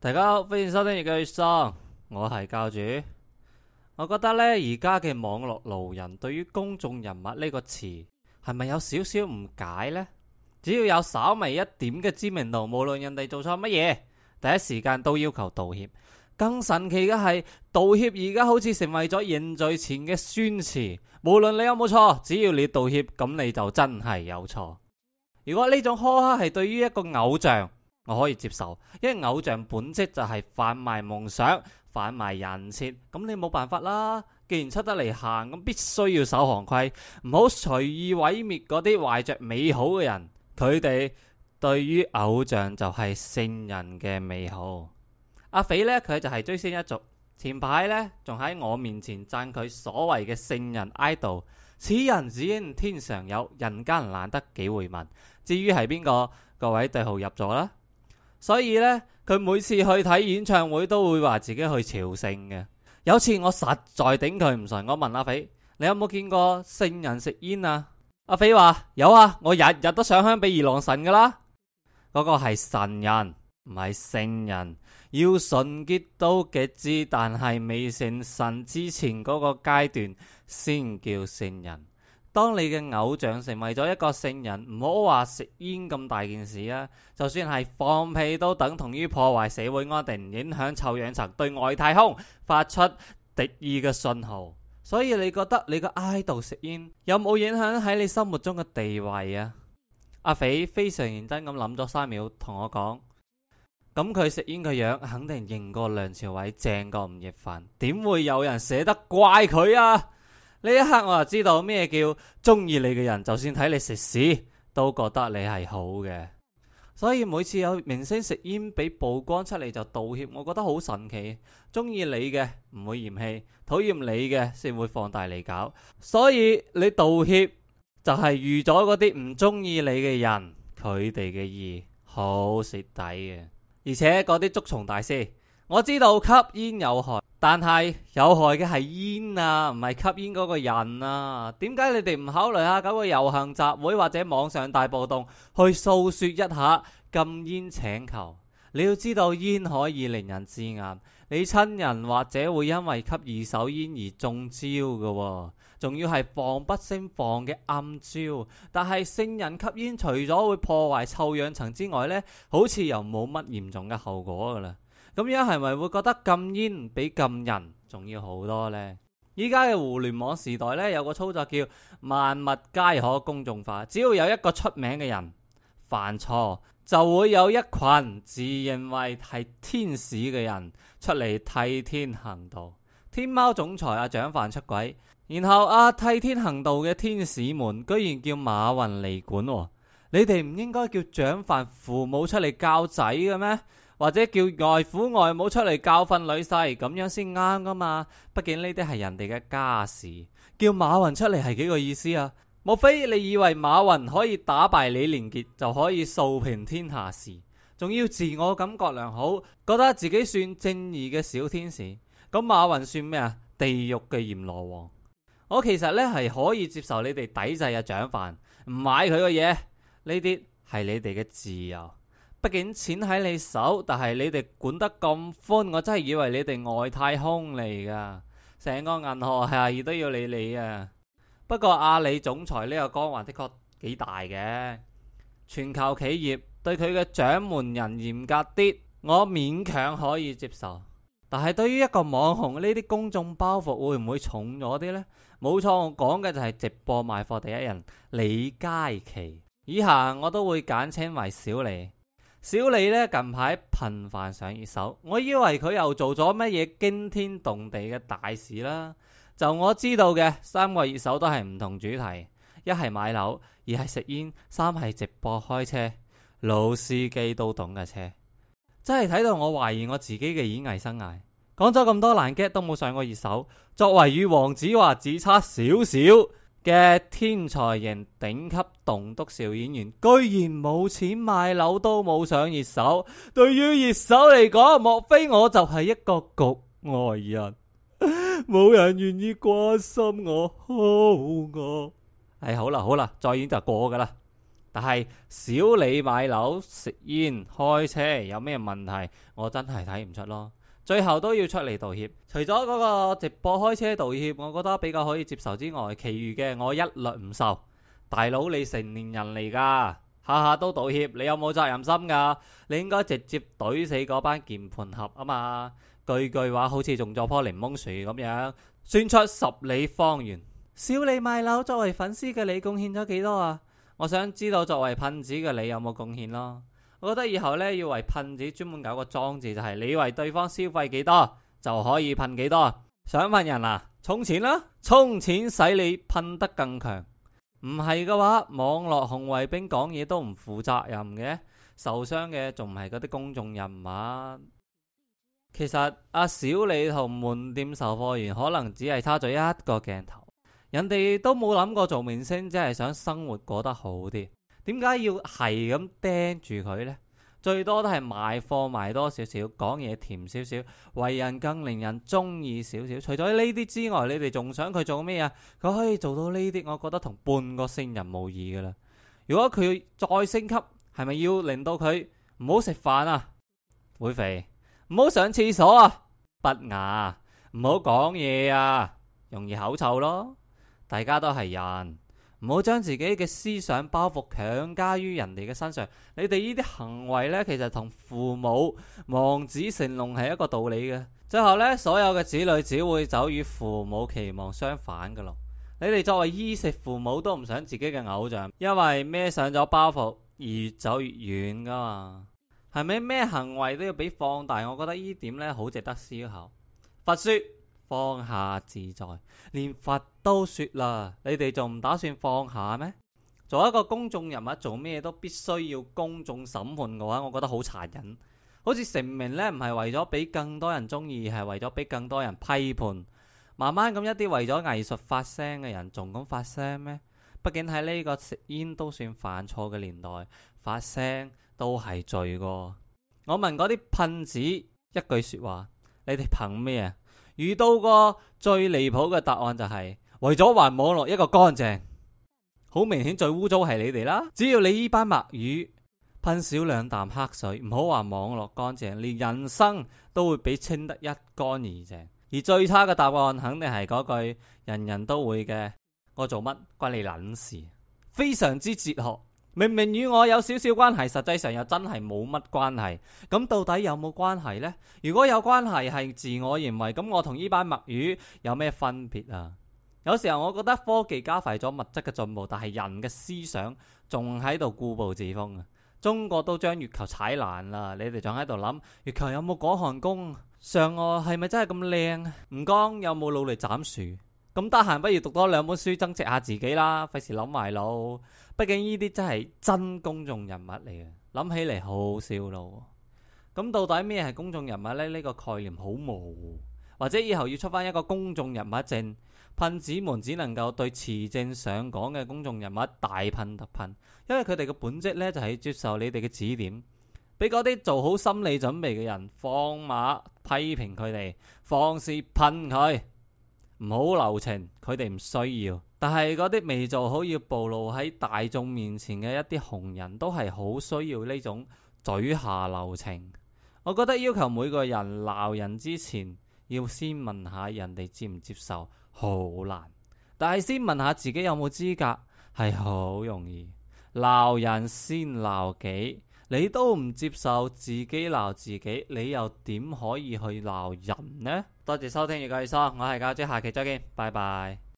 大家好，歡迎收聽《月句說》，我係教主。我覺得呢而家嘅網絡路人對於公眾人物呢個詞係咪有少少誤解呢？只要有稍微一點嘅知名度，無論人哋做錯乜嘢，第一時間都要求道歉。更神奇嘅係，道歉而家好似成為咗認罪前嘅宣詞。無論你有冇錯，只要你道歉，咁你就真係有錯。如果呢種苛刻係對於一個偶像，我可以接受，因為偶像本質就係販賣夢想、販賣人設，咁你冇辦法啦。既然出得嚟行，咁必須要守行規，唔好隨意毀滅嗰啲懷着美好嘅人。佢哋對於偶像就係聖人嘅美好。阿肥呢，佢就係追星一族，前排呢，仲喺我面前讚佢所謂嘅聖人 idol。此人只應天上有，人間難得幾回聞。至於係邊個，各位對號入座啦。所以呢，佢每次去睇演唱會都會話自己去朝聖嘅。有次我實在頂佢唔順，我問阿肥：你有冇見過聖人食煙啊？阿肥話有啊，我日日都上香俾二郎神噶啦。嗰個係神人，唔係聖人，要純潔到極致，但係未成神之前嗰個階段先叫聖人。當你嘅偶像成為咗一個聖人，唔好話食煙咁大件事啊！就算係放屁都等同於破壞社會安定，影響臭氧層，對外太空發出敵意嘅信號。所以你覺得你個 idol 食煙有冇影響喺你心目中嘅地位啊？阿肥非常認真咁諗咗三秒，同我講：咁佢食煙嘅樣肯定贏過梁朝偉，正過吳亦凡，點會有人捨得怪佢啊？呢一刻我就知道咩叫中意你嘅人，就算睇你食屎都覺得你係好嘅。所以每次有明星食煙俾曝光出嚟就道歉，我覺得好神奇。中意你嘅唔會嫌棄，討厭你嘅先會放大你搞。所以你道歉就係預咗嗰啲唔中意你嘅人，佢哋嘅意好蝕底嘅。而且嗰啲捉蟲大師，我知道吸煙有害。但係有害嘅係煙啊，唔係吸煙嗰個人啊。點解你哋唔考慮下搞個遊行集會或者網上大暴動去訴說一下禁煙請求？你要知道煙可以令人致癌，你親人或者會因為吸二手煙而中招㗎喎。仲要係防不勝防嘅暗招。但係聖人吸煙，除咗會破壞臭氧層之外呢，咧好似又冇乜嚴重嘅後果噶啦。咁樣係咪會覺得禁煙比禁人仲要好多呢？依家嘅互聯網時代咧，有個操作叫萬物皆可公眾化，只要有一個出名嘅人犯錯，就會有一群自認為係天使嘅人出嚟替天行道。天貓總裁阿蔣凡出軌，然後阿、啊、替天行道嘅天使們居然叫馬雲嚟管、哦，你哋唔應該叫蔣凡父母出嚟教仔嘅咩？或者叫外父外母出嚟教訓女婿，咁樣先啱噶嘛？畢竟呢啲係人哋嘅家事，叫馬雲出嚟係幾個意思啊？莫非你以為馬雲可以打敗李連杰就可以掃平天下事？仲要自我感覺良好，覺得自己算正義嘅小天使？咁馬雲算咩啊？地獄嘅閻羅王？我其實呢係可以接受你哋抵制嘅蔣凡，唔買佢嘅嘢，呢啲係你哋嘅自由。畢竟錢喺你手，但係你哋管得咁寬，我真係以為你哋外太空嚟噶。成個銀河系亦都要理你理啊。不過阿里總裁呢個光環的確幾大嘅，全球企業對佢嘅掌門人嚴格啲，我勉強可以接受。但係對於一個網紅呢啲公眾包袱會唔會重咗啲呢？冇錯，我講嘅就係直播賣貨第一人李佳琦。以下我都會簡稱為小李。小李呢近排頻繁上熱搜，我以為佢又做咗乜嘢驚天動地嘅大事啦。就我知道嘅三個熱搜都係唔同主題，一係買樓，二係食煙，三係直播開車。老司機都懂嘅車，真係睇到我懷疑我自己嘅演藝生涯。講咗咁多難 g 都冇上過熱搜，作為與黃子華只差少少。嘅天才型頂級棟篤笑演員，居然冇錢買樓都冇上熱搜。對於熱搜嚟講，莫非我就係一個局外人？冇人願意關心我、好我。哎，好啦好啦，再演就過噶啦。但係小李買樓、食煙、開車有咩問題？我真係睇唔出咯。最後都要出嚟道歉，除咗嗰個直播開車道歉，我覺得比較可以接受之外，其餘嘅我一律唔受。大佬，你成年人嚟噶，下下都道歉，你有冇責任心噶？你應該直接懟死嗰班鍵盤俠啊嘛！句句話好似種咗棵檸檬樹咁樣，酸出十里方圓。小李賣樓，作為粉絲嘅你貢獻咗幾多啊？我想知道作為噴子嘅你有冇貢獻咯？我覺得以後呢要為噴子專門搞個裝置，就係你為對方消費幾多就可以噴幾多。想噴人啊，充錢啦！充錢使你噴得更強。唔係嘅話，網絡紅衛兵講嘢都唔負責任嘅，受傷嘅仲唔係嗰啲公眾人物？其實阿小李同門店售貨員可能只係差咗一個鏡頭，人哋都冇諗過做明星，只係想生活過得好啲。點解要係咁盯住佢呢？最多都係賣貨賣多少少，講嘢甜少少，為人更令人中意少少。除咗呢啲之外，你哋仲想佢做咩啊？佢可以做到呢啲，我覺得同半個聖人無異噶啦。如果佢再升級，係咪要令到佢唔好食飯啊？會肥，唔好上廁所啊？不雅？唔好講嘢啊？容易口臭咯。大家都係人。唔好將自己嘅思想包袱強加於人哋嘅身上。你哋呢啲行為呢，其實同父母望子成龍係一個道理嘅。最後呢，所有嘅子女只會走與父母期望相反嘅路。你哋作為衣食父母，都唔想自己嘅偶像因為孭上咗包袱而越走越遠噶嘛？係咪咩行為都要俾放大？我覺得呢點呢，好值得思考。佛說。放下自在，連佛都說啦，你哋仲唔打算放下咩？做一個公眾人物做咩都必須要公眾審判嘅話，我覺得好殘忍。好似成名咧，唔係為咗俾更多人中意，係為咗俾更多人批判。慢慢咁一啲為咗藝術發聲嘅人敢聲，仲敢發聲咩？畢竟喺呢個食煙都算犯錯嘅年代，發聲都係罪。我問嗰啲噴子一句說話，你哋憑咩啊？遇到個最離譜嘅答案就係、是、為咗還網絡一個乾淨。好明顯最污糟係你哋啦。只要你呢班墨魚噴少兩啖黑水，唔好話網絡乾淨，連人生都會俾清得一乾二淨。而最差嘅答案肯定係嗰句人人都會嘅：我做乜關你撚事？非常之哲學。明明與我有少少關係，實際上又真係冇乜關係。咁到底有冇關係呢？如果有關係，係自我認為。咁我同呢班墨魚有咩分別啊？有時候我覺得科技加快咗物質嘅進步，但係人嘅思想仲喺度固步自封啊！中國都將月球踩爛啦，你哋仲喺度諗月球有冇廣寒宮？嫦娥係咪真係咁靚啊？吳剛有冇努力斬樹？咁得閒，不如讀多兩本書，增值下自己啦。費事諗埋腦，畢竟呢啲真係真公眾人物嚟嘅，諗起嚟好好笑咯。咁到底咩係公眾人物呢？呢個概念好模糊，或者以後要出翻一個公眾人物證，噴子們只能夠對持證上崗嘅公眾人物大噴特噴，因為佢哋嘅本職呢就係接受你哋嘅指點，俾嗰啲做好心理準備嘅人放馬批評佢哋，放肆噴佢。唔好留情，佢哋唔需要。但係嗰啲未做好要暴露喺大眾面前嘅一啲紅人都係好需要呢種嘴下留情。我覺得要求每個人鬧人之前要先問下人哋接唔接受，好難。但係先問下自己有冇資格，係好容易。鬧人先鬧己，你都唔接受自己鬧自己，你又點可以去鬧人呢？多謝收聽《越講越爽》，我係家姐，下期再見，拜拜。